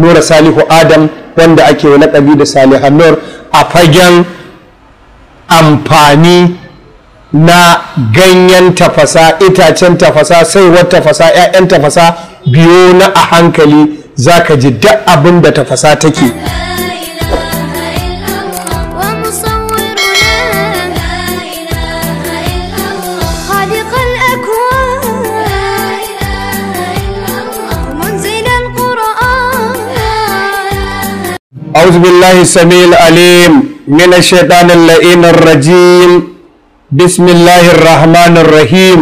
nura salihu adam wanda ake wa da salihan nur a fagen amfani na ganyen tafasa itacen tafasa sai saiwar tafasa 'ya'yan tafasa biyo na a hankali za ka ji duk abin da tafasa take. أعوذ بالله السميع العليم من الشيطان اللئيم الرجيم بسم الله الرحمن الرحيم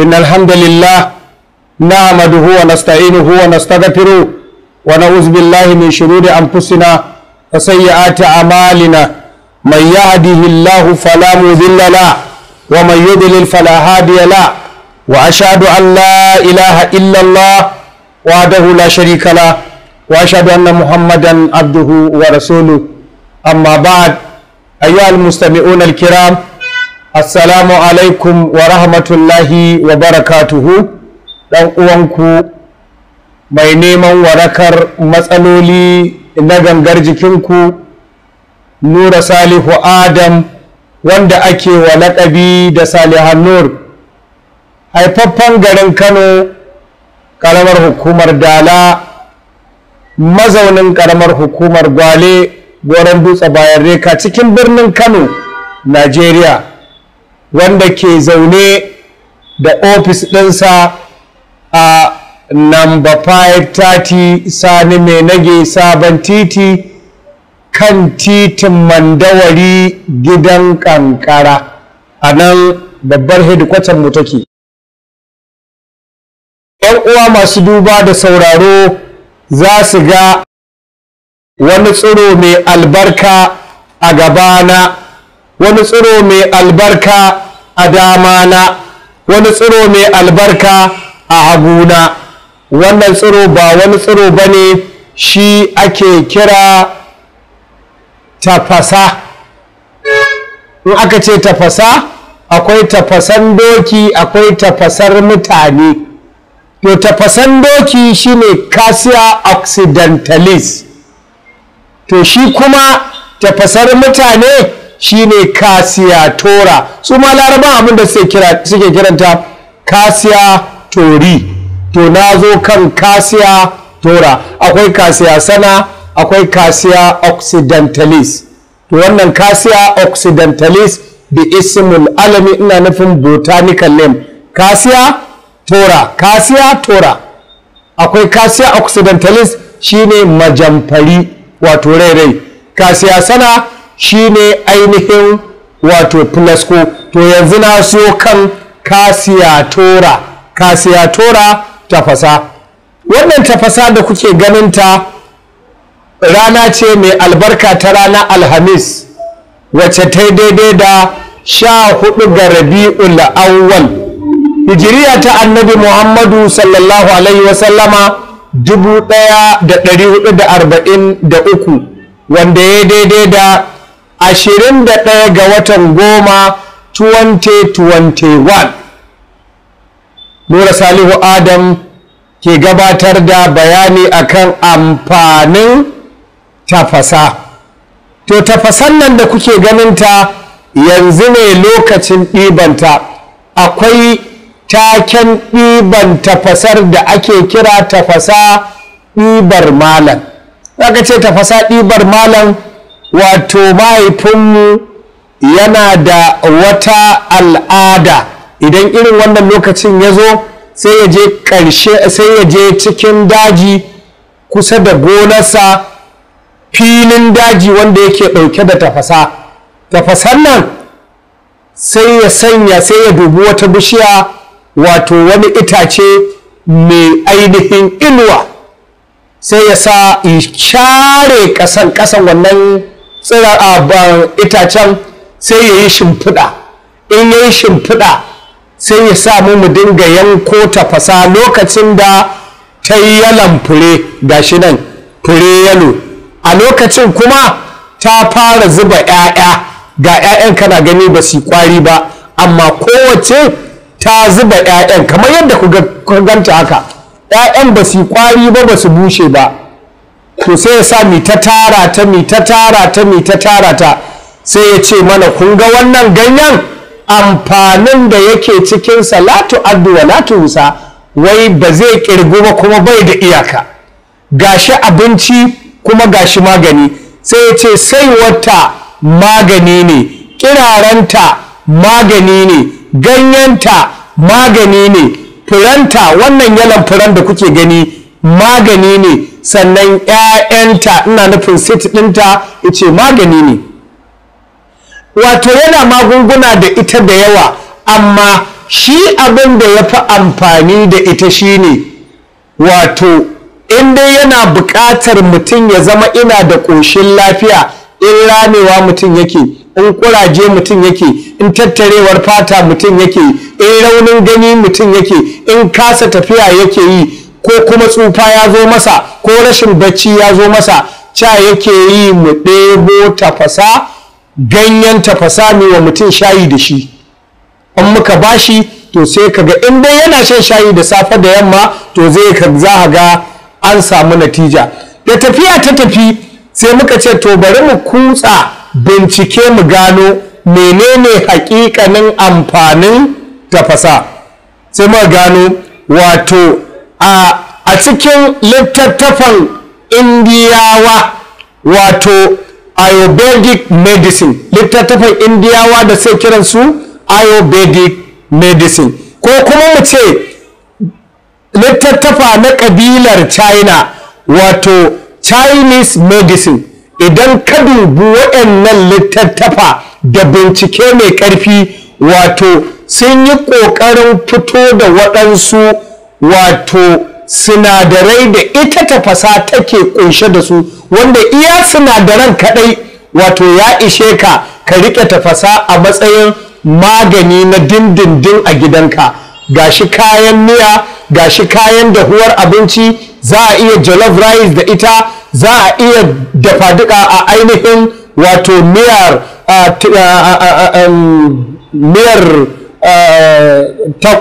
إن الحمد لله نعمده ونستعينه ونستغفره ونعوذ بالله من شرور أنفسنا وسيئات أعمالنا من يهده الله فلا مضل له ومن يضلل فلا هادي له وأشهد أن لا إله إلا الله وحده لا شريك له واشهد ان محمدا عبده ورسوله اما بعد ايها المستمعون Assalamu alaikum wa rahmatullahi wa وبركاته dan uwanku mai neman warakar matsaloli na gangar jikinku nura salihu adam wanda ake wa laƙabi da salihan nur haifaffen garin kano ƙaramar hukumar dala mazaunin karamar hukumar gwale goron dutse bayan reka cikin birnin kano najeriya wanda ke zaune da ofis dinsa a namba 530 sani mai nage sabon titi kan titin mandawari gidan kankara a nan babbar hedikwatar mu take uwa masu duba da sauraro za su ga wani tsiro mai albarka a gabana wani tsiro mai albarka a damana wani tsiro mai albarka a haguna wannan tsiro ba wani tsiro ba ne shi ake kira tafasa in aka ce tafasa akwai tafasan doki akwai tafasar mutane to tafasan doki shine kasiya occidentalis to shi kuma tafasar mutane shine kasiya tora su ma laraba abinda suke kiranta kasiya tori to na zo kan kasiya tora akwai kasiya sana akwai kasiya occidentalis to wannan kasiya occidentalis bi ismul alami ina nufin botanical name kasiya. tora kasiya tora akwai kasiya occidentalist shine majamfari wato rai-rai. kasiya sana shine ainihin wato plasko to yanzu na so kan kasiya tora kasiya tora tafasa wannan tafasa da kuke ganinta rana ce mai albarka ta rana alhamis wacce ta daidai da sha hudu ga rabi'ul awwal hijiriya ta annabi muhammadu sallallahu alaihi wasallama dubu ɗaya da ɗari hudu da arba'in da uku wanda ya daidai da ashirin da ɗaya ga watan goma 2021 nura salihu adam ke gabatar da bayani akan amfanin tafasa to tafasan nan da kuke ganinta yanzu ne lokacin ɗibanta akwai taken ɗiban tafasar da ake kira tafasa ɗibar malam aka ce tafasa ɗibar malam wato mahaifinmu yana da wata al'ada idan irin wannan lokacin ya zo sai ya je ƙarshe sai ya je cikin daji kusa da gonarsa filin daji wanda yake ɗauke da tafasa tafasan nan sai ya sanya sai ya dubi wata bishiya wato wani itace mai ainihin inuwa sai ya sa share kasan kasan wannan tsira a itacen sai ya yi shimfiɗa in ya yi shimfiɗa sai ya sa mu dinga yanko tafasa lokacin da ta yi yalan fure ga shi nan fure yalo a lokacin kuma ta fara zuba 'ya'ya ga 'ya'yan kana gani ba su kwari ba amma kowace ta zuba 'ya'yan kamar yadda ku ganta haka 'ya'yan ba su kwari ba ba su bushe ba to sai ya sa mi ta tara ta mi ta tara ta mi ta tara ta sai ya ce mana kun ga wannan ganyen amfanin da yake cikin salatu addu'a latu wusa wai ba zai kirgu ba kuma bai da iyaka gashi abinci kuma gashi magani sai ya ce sai wata magani ne kiraranta magani ne ganyenta magani ne firanta wannan yalan firan da kuke gani magani ne sannan 'ya'yanta ina nufin sit ɗinta ice magani ne wato yana magunguna da ita da yawa amma shi abin da ya fi amfani da ita shine wato in dai yana buƙatar mutum ya zama ina da ƙoshin lafiya in ranewa mutum yake in kuraje mutum yake in tattarewar fata mutum yake in raunin gani mutum yake in kasa tafiya yake yi ko kuma tsufa ya zo masa ko rashin bacci ya zo masa ca yake yi mu ɗebo tafasa ganyen tafasa ne wa mutum shayi da shi in muka bashi to sai kaga in dai yana shan shayi da safe da yamma to zai ka za ga an samu natija da tafiya ta tafi sai muka ce to bari mu kutsa bincike mu gano menene hakikanin amfanin tafasa sai mu gano wato a cikin littattafan indiyawa wato ayurvedic medicine littattafan indiyawa da sai kiransu ayurvedic medicine ko kuma mu ce littattafa na kabilar china wato chinese medicine idan ka dubi waɗannan littattafa da bincike mai ƙarfi wato sun yi ƙoƙarin fito da waɗansu wato sinadarai da ita tafasa take ƙunshe da su wanda iya sinadaran kaɗai wato ya ishe ka ka riƙe tafasa a matsayin magani na dindindin a gidanka gashi kayan miya gashi kayan dahuwar abinci za a iya jollof rice da ita za a iya dafa duka a ainihin wato miyar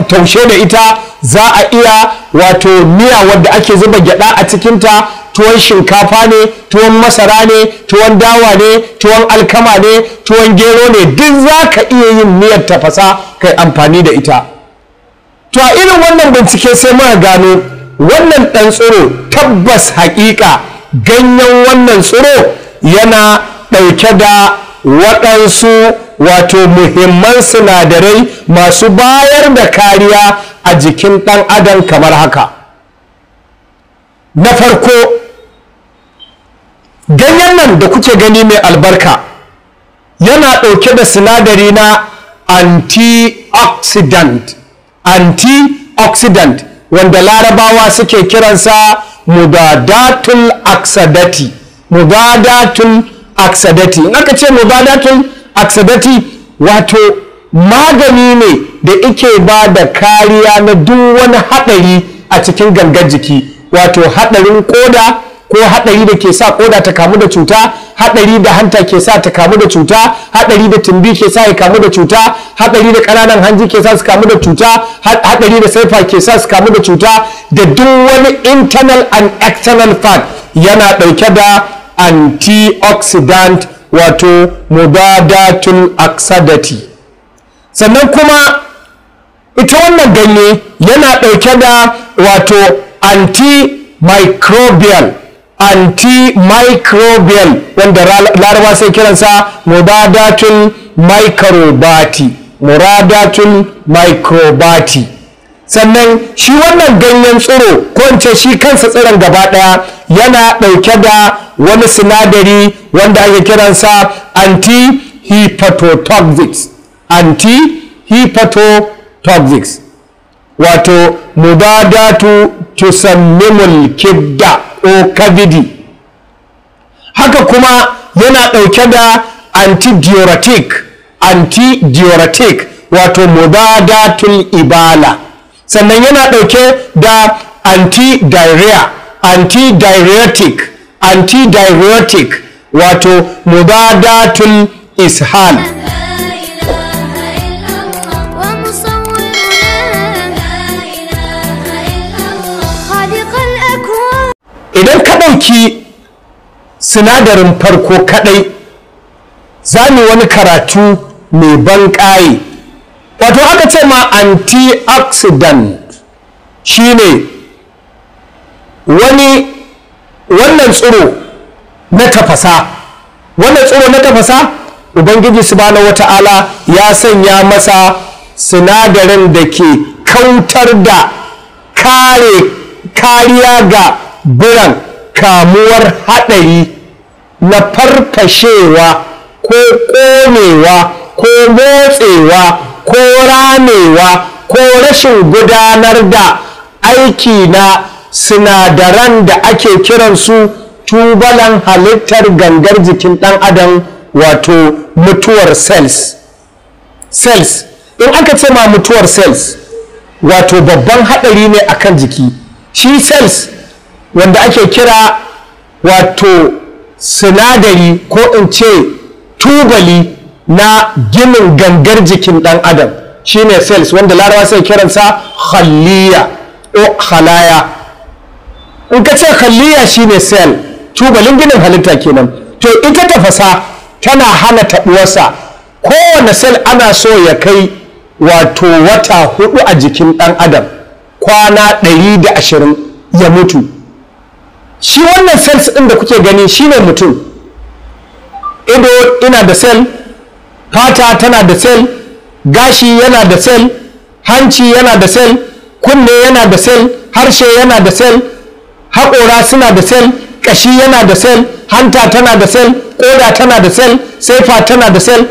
taushe da ita za a iya wato miya wadda ake zuba gyada a cikinta tuwon shinkafa ne tuwon masara ne tuwon dawa ne tuwon alkama ne tuwon gero ne duk za ka iya yin miyar tafasa kai amfani da ita to a irin wannan bincike sai muka gano wannan ɗan tsoro tabbas haƙiƙa ganyen wannan tsiro yana ɗauke da waɗansu wato muhimman sinadarai masu bayar da kariya a jikin ɗan adam kamar haka na farko ganyen nan da kuke gani mai albarka yana ɗauke da sinadari na antioxidant antioxidant wanda larabawa suke kiransa mubadatul aksadati mubadatul aksadati in aka ce mubadatul aksadati wato magani ne da ike ba da kariya na duk wani haɗari a cikin gangar jiki wato haɗarin koda ko haɗari da ke sa koda ta kamu da cuta haɗari da hanta ke sa ta kamu da cuta haɗari da tumbi ke sa ya kamu da cuta haɗari da ƙananan hanji ke sa su kamu da cuta haɗari da saifa ke sa su kamu da cuta da duk wani internal and external fat yana ɗauke da antioxidant wato mubadatul aksadati sannan kuma ita wannan ganye yana ɗauke da wato antimicrobial antimicrobial wanda laraba sai kiransa muradatul microbati muradatul microbati sannan shi wannan ganyen tsiro ko shi kansa tsiron gaba daya yana ɗauke da wani sinadari wanda ake kiransa anti-hepatotoxics wato mudadatu tusammimul kidda. okabidi haka kuma yana ɗauke da antidiuretic antidiuretic wato mubadatul ibala sannan yana ɗauke da antidiarrhea antidiuretic antidiuretic wato mubadatul ishal ɗauki sinadarin farko kaɗai za mu wani karatu mai ban ƙaye wato aka ce ma antioxidant shine wani wannan tsiro na tafasa wannan tsiro na tafasa ubangiji subhanahu wata'ala ya sanya masa sinadarin da ke kautar da kare kariya ga biran kamuwar haɗari na farfashewa ko ƙonewa ko motsewa ko ranewa, ko rashin gudanar da aiki na sinadaran da ake kiransu tubalan halittar gangar jikin ɗan adam wato mutuwar cells cells in aka ce ma mutuwar cells wato babban haɗari ne akan jiki shi cells wanda ake kira wato sinadari ko in ce tubali na ginin gangar jikin ɗan adam shine cells wanda larawa sai kiransa khaliya o halaya in ka ce halliya shine cell tubalin ginin halitta kenan to ita tafasa tana hana taɓuwarsa kowane cell ana so ya kai wato wata hudu a jikin ɗan adam kwana ɗari da ashirin ya mutu shi wannan cells ɗin da kuke gani shine mutum ido ina da cell fata tana da cell gashi yana da cell hanci yana da cell kunne yana da cell harshe yana da cell haƙora suna da cell ƙashi yana da cell hanta tana da cell ƙoda tana da cell sefa tana da cell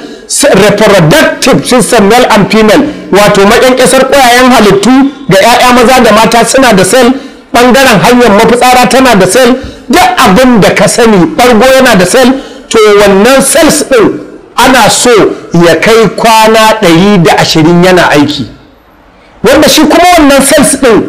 reproductive system male and female wato maƙyanƙyasar ƙwayayen halittu ga 'ya'ya maza da mata suna da cell ɓangaren hanyar mafitsara tana da sel duk abin da ka sani ɓargo yana da sel to wannan sels ɗin ana so ya kai kwana ɗari da ashirin yana aiki wanda shi kuma wannan sels ɗin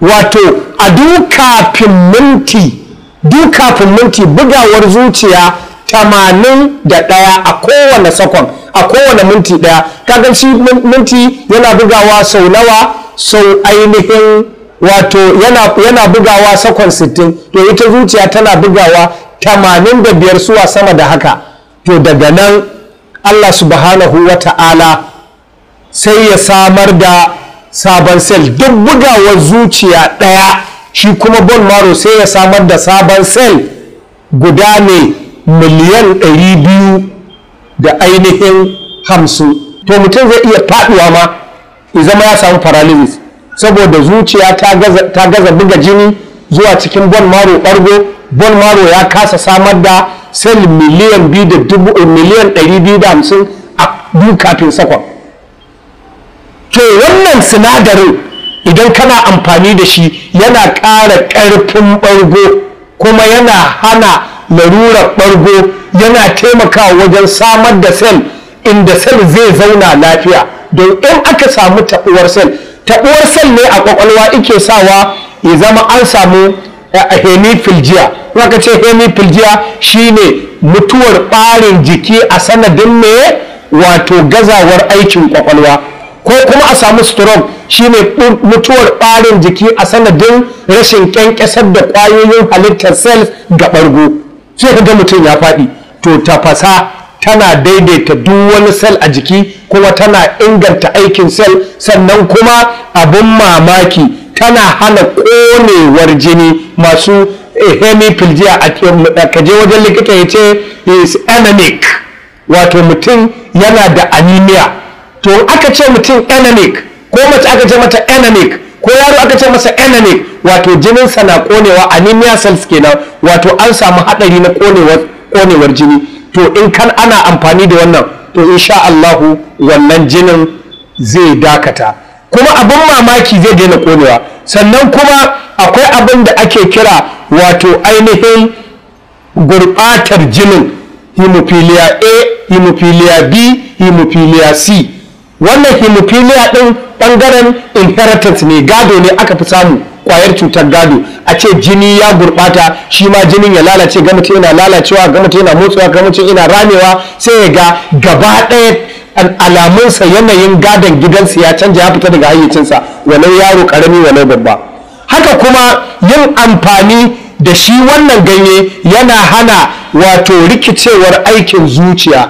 wato a dukafin minti dukafin minti bugawar zuciya tamanin da ɗaya a kowane sakon a kowane minti ɗaya kagan shi minti yana bugawa sau nawa sau ainihin wato yana bugawa sakon 60 to ita zuciya tana bugawa 85 suwa sama da haka to daga nan Allah subhanahu wa ta'ala sai ya samar da sabon sel duk bugawar zuciya ɗaya shi kuma bon maro sai ya samar da sabon sel guda ne miliyan 200 da ainihin hamsin to mutum zai iya faɗuwa ma ya zama ya samu paralysis saboda zuciya ta gaza buga jini zuwa cikin bon maro ɓargo bon maro ya kasa samar da sel miliyan biyu eh, a duk kafin sakon to wannan sinadarin idan kana amfani da shi yana ƙara ƙarfin ɓargo kuma yana hana larurar ɓargo yana taimakawa wajen samar da sel inda sel zai zauna lafiya don in aka samu taɓuwar sel taɓuwar san ne a ƙwaƙwalwa ike sawa ya zama an samu eh, hemiplegia ka ce shi shine mutuwar ɓarin jiki a sanadin ne wato gazawar aikin ƙwaƙwalwa ko kuma a samu stroke shine mutuwar ɓarin jiki a sanadin rashin ƙyanƙyasar da ƙwayoyin halittar cells ga ɓargo sai ka ga mutum ya faɗi to tafasa tana daidaita duk wani sel a jiki kuma tana inganta aikin sel sannan kuma abin mamaki tana hana konewar jini masu eh, hemiplegia a kaje wajen likita ya ce is anemic wato mutum yana da anemia to aka ce mutum anemic ko mace aka ce mata anemic ko yaro aka ce masa anemic wato jininsa na konewa anemia cells kenan wato an samu hadari na konewar jini to in kan ana amfani da wannan to insha Allahu wannan jinin zai dakata kuma abin mamaki zai daina konewa sannan kuma akwai abin da ake kira wato ainihin gurbatar jinin hemophilia a hemophilia b hemophilia c wannan hemophilia din bangaren inheritance ne gado ne aka fi samu kwayar cutar gado a ce jini ya gurɓata shi ma jinin ya lalace ga mutum yana lalacewa ga mutum yana motsuwa ga mutum yana ramewa sai ya ga gaba ɗaya alamunsa yanayin gadon gidansa ya canja ya fita daga hayyacinsa walau yaro karami walau babba haka kuma yin amfani da shi wannan ganye yana hana wato rikicewar aikin zuciya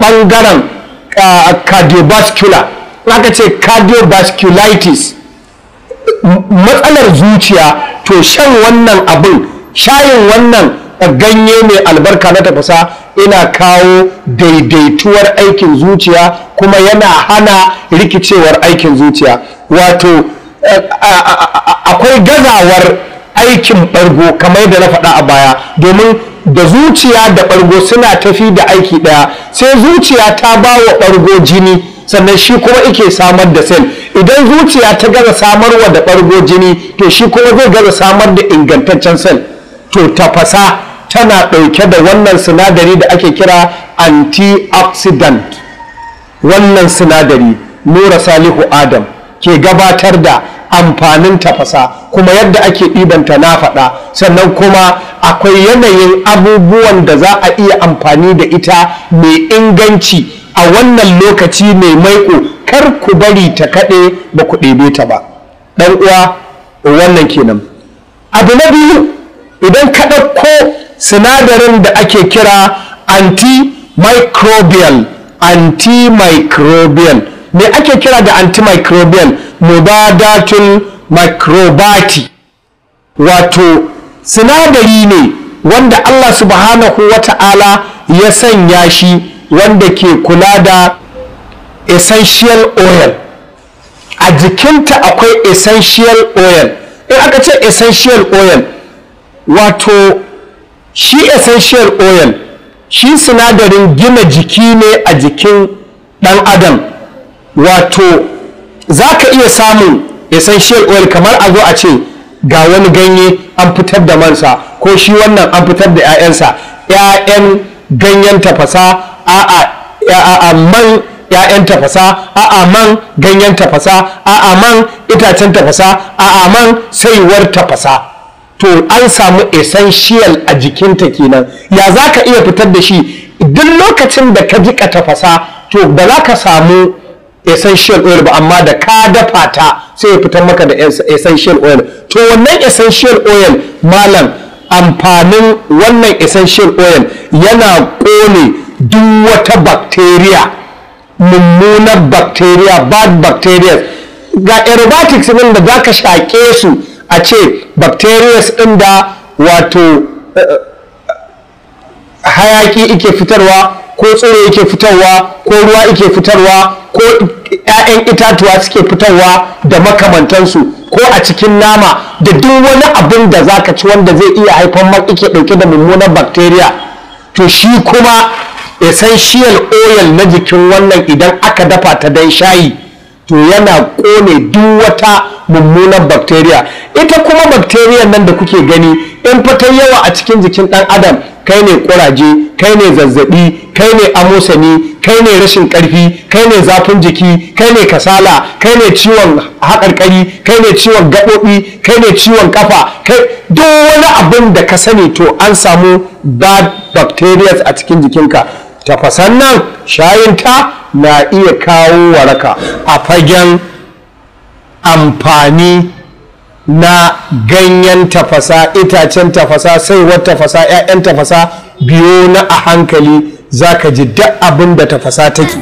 ɓangaren ah, cardiovascular aka ce cardiovasculitis matsalar zuciya to shan wannan abin shayin wannan ganye mai albarka na tafasa ina kawo daidaituwar aikin zuciya kuma yana hana rikicewar aikin zuciya wato eh, eh, eh, akwai gazawar aikin bargo kamar yadda na faɗa a baya domin da zuciya da ɓargo suna tafi da aiki ɗaya sai zuciya ta ba wa bargo jini sannan shi kuma ike samar da sel idan zuciya ta gaza samarwa da ɓargo jini to shi kuma zai gaza samar da ingantaccen sel to tafasa tana ɗauke da wannan sinadari da ake kira antioxidant wannan sinadari nura salihu adam ke gabatar da amfanin tafasa kuma yadda ake ɗibanta na faɗa sannan kuma akwai yanayin abubuwan da za a iya amfani da ita mai inganci a wannan lokaci mai maiko kar ku bari ta kaɗe ba ku ɗebe ta ba ɗan uwa wannan kenan abu na biyu idan ka ɗauko sinadarin da ake kira antimicrobial antimicrobial me ake kira da antimicrobial mubadatul microbati wato sinadari ne wanda Allah subhanahu wa ta'ala ya sanya shi wanda ke kula da essential oil a jikinta akwai essential oil in aka ce essential oil wato shi essential oil shi sinadarin gina jiki ne a jikin ɗan adam wato za ka iya samun essential oil kamar a zo a ce ga wani ganye an fitar da mansa ko shi wannan an fitar da 'ya'yansa 'ya'yan ganyen tafasa 'a man ‘ya'yan tafasa a'a man ganyen tafasa a'a man itacen tafasa 'a man saiwar tafasa to an samu essential a jikinta kenan ya za ka iya fitar da shi duk lokacin da ka jika tafasa to ba za ka samu essential oil ba amma da ka dafa ta sai ya fitar maka da essential oil to wannan essential oil malam amfanin wannan essential oil yana kone duk wata bacteria mummunar bacteria bad bacteria ga aerobatics ɗin da za ka shaƙe su a ce bacteria ɗin da wato eh, eh, hayaki ike fitarwa ko tsoro ike fitarwa ko ruwa ike fitarwa ko 'ya'yan itatuwa suke fitarwa da makamantansu ko a cikin nama da duk wani abin da za ka ci wanda zai iya haifar maka ɗauke ɗauke da mummunan bacteria to shi kuma essential oil na jikin wannan idan aka dafa ta dan shayi to yana kone duk wata mummunan bacteria ita kuma bacteria nan da kuke gani in fata yawa a cikin jikin dan adam kai ne kuraje kai ne zazzabi kai ne amosani kai ne rashin ƙarfi, kai ne zafin jiki kai ne kasala kai ne ciwon haƙarƙari kai ne ciwon gaɓoɓi kai ne ciwon ƙafa, kai duk wani abin da ka sani to an samu bad bacteria a cikin jikinka tafasan nan shayinta na iya kawo waraka a fagen amfani na ganyen tafasa itacen tafasa saiwar tafasa 'ya'yan tafasa biyo na a hankali za ka ji duk abin da tafasa take.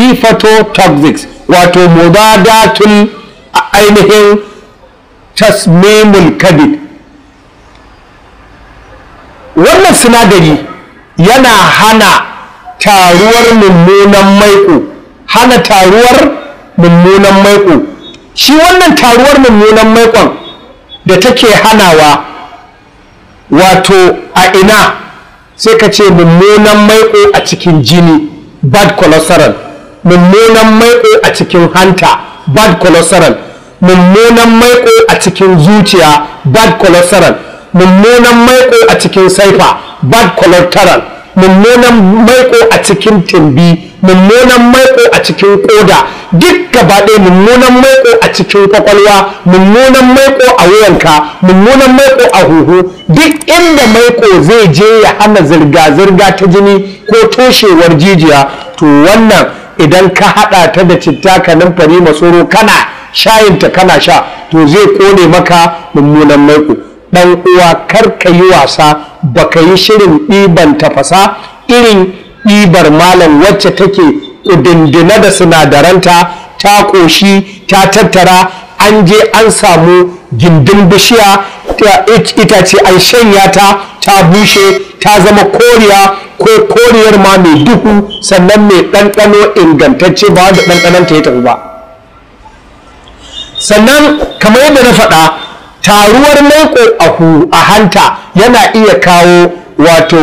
hepatotoxics wato mubadatul ainihin tasmimul kadid wannan sinadari yana hana taruwar mummunan maiko hana taruwar mummunan maiko shi wannan taruwar mummunan maikon da take hanawa wato a ina sai ka ce mummunan maiko a cikin jini bad cholesterol mummunan maiƙo a cikin hanta bad cholesterol mummunan maiƙo a cikin zuciya bad cholesterol mummunan maiƙo a cikin saifa bad cholesterol mummunan maiƙo a cikin tumbi mummunan maiƙo a cikin ƙoda duk gaba ɗaya mummunan maiƙo a cikin kwakwalwa mummunan maiƙo a wuyanka mummunan maiƙo a huhu duk inda maiƙo zai je ya hana zirga-zirga ta jini ko toshewar jijiya to wannan idan ka haɗa ta da citta ka numfari masoro kana shayinta kana sha to zai kone maka mummunan maiko dan uwa kar ka yi wasa baka yi shirin ɗiban tafasa irin ɗibar malam wacce take dindina da sinadaranta ta ƙoshi ta tattara an je an samu gindin bishiya Ita ce an shanya ta ta bushe ta zama koriya ko koriyar ma mai duhu sannan mai ɗanɗano ingantacce ba da ɗanɗanon ta ya tafi ba sannan kamar yadda na faɗa taruwar maiko a hanta yana iya kawo wato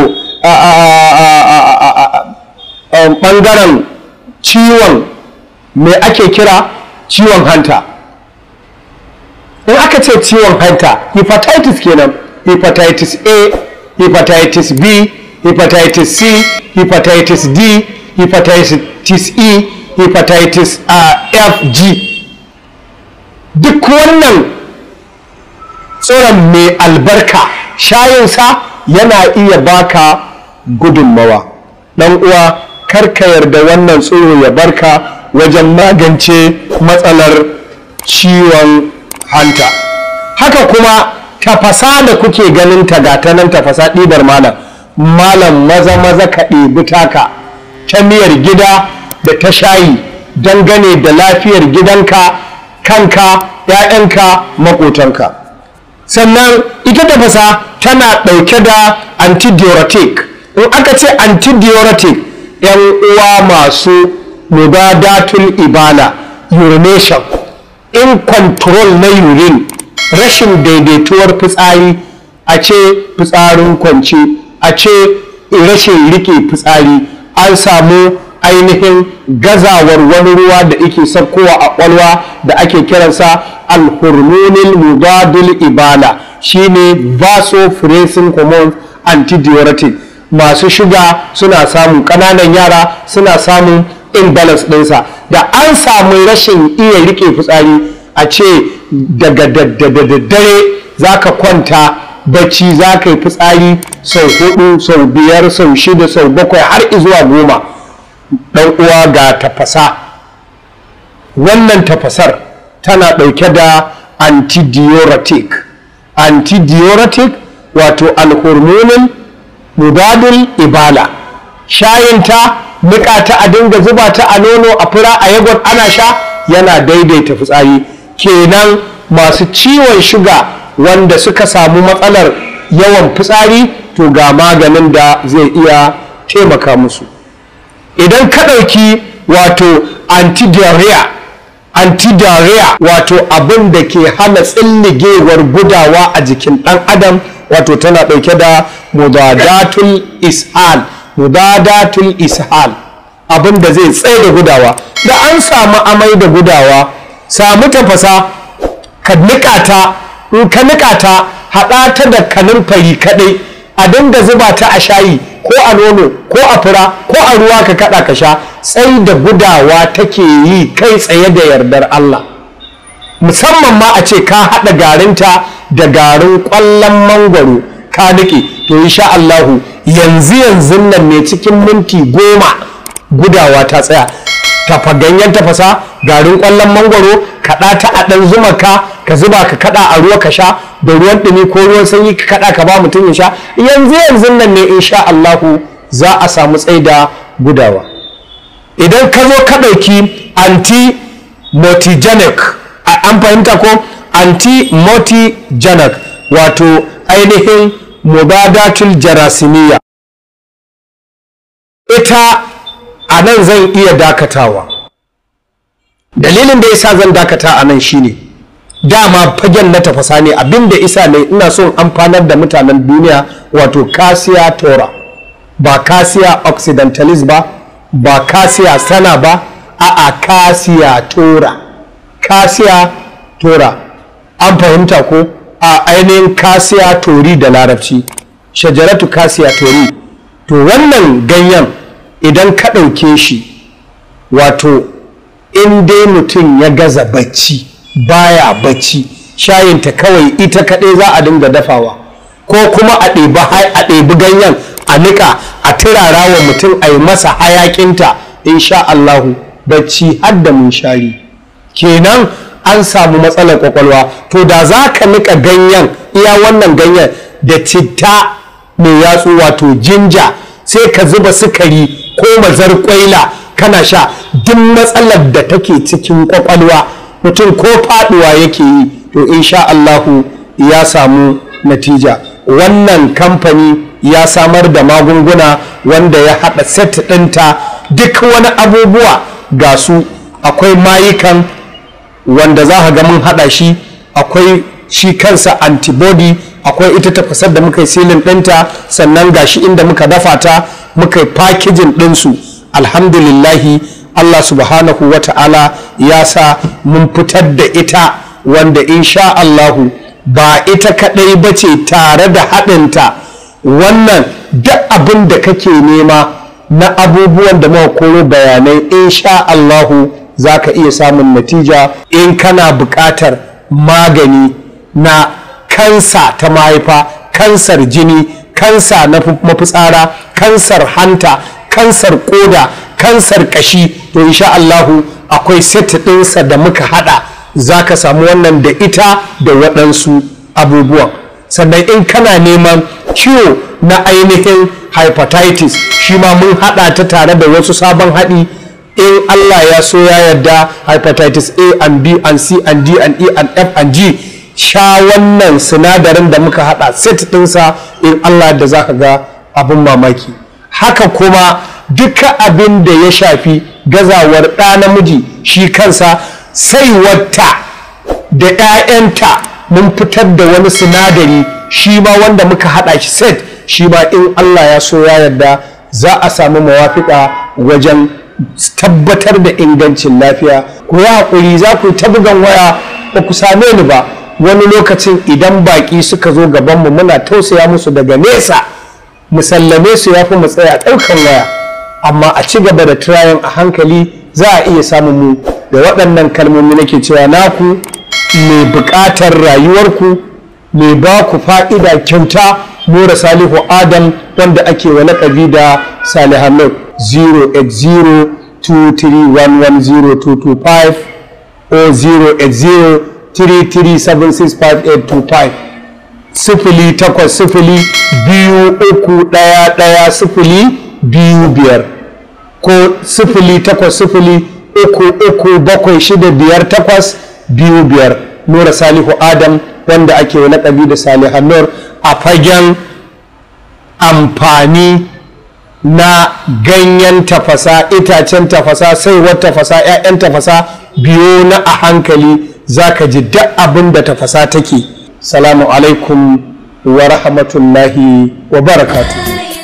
um, ɓangaren ciwon mai ake kira ciwon hanta in aka ce ciwon hanta hepatitis kenan hepatitis a hepatitis b hepatitis c hepatitis d hepatitis e hepatitis f g duk wannan tsoron mai albarka shayinsa yana iya baka gudunmawa ɗan uwa karka yarda wannan tsoro ya barka wajen magance matsalar ciwon hanta haka kuma tafasa da kuke ganin ta gatanan tafasa ɗibar malam malam maza maza ka ɗebi taka ta miyar gida da ta shayi dangane da lafiyar gidanka kanka ‘ya'yanka maƙotanka sannan ita tafasa tana ɗauke da antidiuretic in aka ce antidiuretic ‘yan uwa masu mubadatul ibana, urination in control na urine rashin daidaituwar fitsari a ce fitsarin kwance a ce rashin riƙe fitsari an samu ainihin gazawar wani ruwa da ake saukowa a ƙwalwa da ake kiransa alhormonin mugadul ibala shine vasopressin hormone antidiuretic masu shuga suna samun ƙananan yara suna samun imbalance ɗinsa da an samu rashin iya riƙe fitsari a ce daga daddare za ka kwanta bacci za ka yi fitsari sau hudu sau biyar sau shida sau bakwai har izuwa goma ɗan uwa ga tafasa wannan tafasar tana ɗauke da antidiuretic antidiuretic wato alhormonin mubadul ibala shayinta nika ta a dinga zuba ta a nono a fura a yagon ana sha yana daidaita fitsari kenan masu ciwon shuga wanda suka samu matsalar yawan fitsari to ga maganin da zai iya taimaka musu idan ka ɗauki wato antidiarrhea antidiarrhea wato abin da ke hana tsilligewar gudawa a jikin ɗan adam wato tana ɗauke da mudadatul ishal mudadatul ishal abin da zai tsaye da gudawa da an samu amai da gudawa samu tafasa ka niƙa ta in ka nika ta haɗa ta da kanunfari kaɗai a dinga zuba ta a shayi ko a nono ko a fura ko a ruwa ka kaɗa ka sha sai da gudawa take yi kai tsaye da yardar Allah musamman ma a ce ka haɗa ta da garin ƙwallon mangoro, ka nike? to insha Allahu yanzu yanzu nan ne cikin minti goma gudawa ta tsaya tafa ganyen tafasa garin ƙwallon mangwaro kaɗa ta a ɗan zuma ka ka zuba ka kaɗa a ruwa ka sha da ruwan ɗumi ko ruwan sanyi ka kaɗa ka ba mutum ya sha yanzu yanzu nan ne insha Allahu za a samu tsaida gudawa idan ka zo ka ɗauki anti motogenic an fahimta ko anti motigenic wato ainihin mubadatul jarasiniya ita a nan zan iya dakatawa dalilin da yasa zan dakata a nan shine dama fagen na tafasa ne abinda isa ne ina son amfanar da mutanen duniya wato kasiya tora ba kasiya occidentalist ba ba kasiya sana ba a'a kasiya tora kasiya tora an fahimta ko a ainihin kasiya tori da larabci shajaratu kasiya tori to wannan ganyen idan ka ɗauke shi wato in dai mutum ya gaza bacci baya bacci shayinta kawai ita kaɗai za a dinga dafawa ko kuma a ɗebi ganyen a niƙa a turara wa mutum a yi masa hayaƙinta insha Allahu bacci har da munshari kenan an samu matsalar kwakwalwa to da za ka niƙa ganyen iya wannan ganyen da citta mai yatsu wato jinja sai ka zuba sukari ko kwaila kana sha duk matsalar da take cikin kwakwalwa mutum ko faduwa yake yi to insha Allahu ya samu natija wannan kamfani ya samar da magunguna wanda ya haɗa set ɗinta duk wani abubuwa ga su akwai mayukan wanda za ga mun haɗa shi akwai shi kansa antibody akwai ita tafasar da muka yi silin ɗinta sannan ga shi inda muka dafa ta muka yi fakijin ɗinsu alhamdulillahi Allah subhanahu wa ta'ala ya sa mun fitar da ita wanda insha Allahu ba ita kaɗai ba ce tare da haɗinta wannan duk abin da kake nema na abubuwan da muka koro bayanai insha Allahu za ka iya samun natija in kana buƙatar magani na kansa ta mahaifa kansar jini kansa na mafitsara kansar hanta kansar koda kansar kashi to insha Allahu akwai set ɗinsa da muka haɗa za ka samu wannan da ita da waɗansu abubuwan sannan in kana neman ciwo na ainihin hepatitis shi ma mun haɗa ta tare da wasu sabon haɗi in Allah ya so ya yarda hepatitis A and B and C and D and E and F and G sha wannan sinadarin da muka haɗa set ɗinsa in Allah da za ka ga abin mamaki haka kuma duka abin da ya shafi gazawar ɗa namiji shi kansa sai saiwarta da 'ya'yanta mun fitar da wani sinadari shi ma wanda muka haɗa shi set shi ma in allah ya so ya yarda za a samu mawafiƙa wajen tabbatar da ingancin lafiya ku yi haƙuri za ku ta bugan waya ba ku same ni ba wani lokacin idan baƙi suka zo gabanmu muna tausaya musu daga nesa Musallame su ya fi mu tsaya ɗaukan waya amma a ci gaba da tirayin a hankali za a iya samun mu da waɗannan kalmomi nake cewa naku mai buƙatar rayuwarku mai ba ku fa'ida kyauta mora salihu adam wanda ake wa laƙabi da salihannu 08023110225 or sifili takwas sifili biyu uku ɗaya ɗaya sifili biyu biyar ko sifili takwas sifili uku uku bakwai shida biyar takwas biyu biyar nura salihu adam wanda ake wa laƙabi da salihan nur a fagen amfani na ganyen tafasa itacen tafasa saiwar tafasa 'ya'yan tafasa biyu na a hankali za ka ji duk abin da tafasa take salamu alaikum wa rahmatullahi wa barakatuh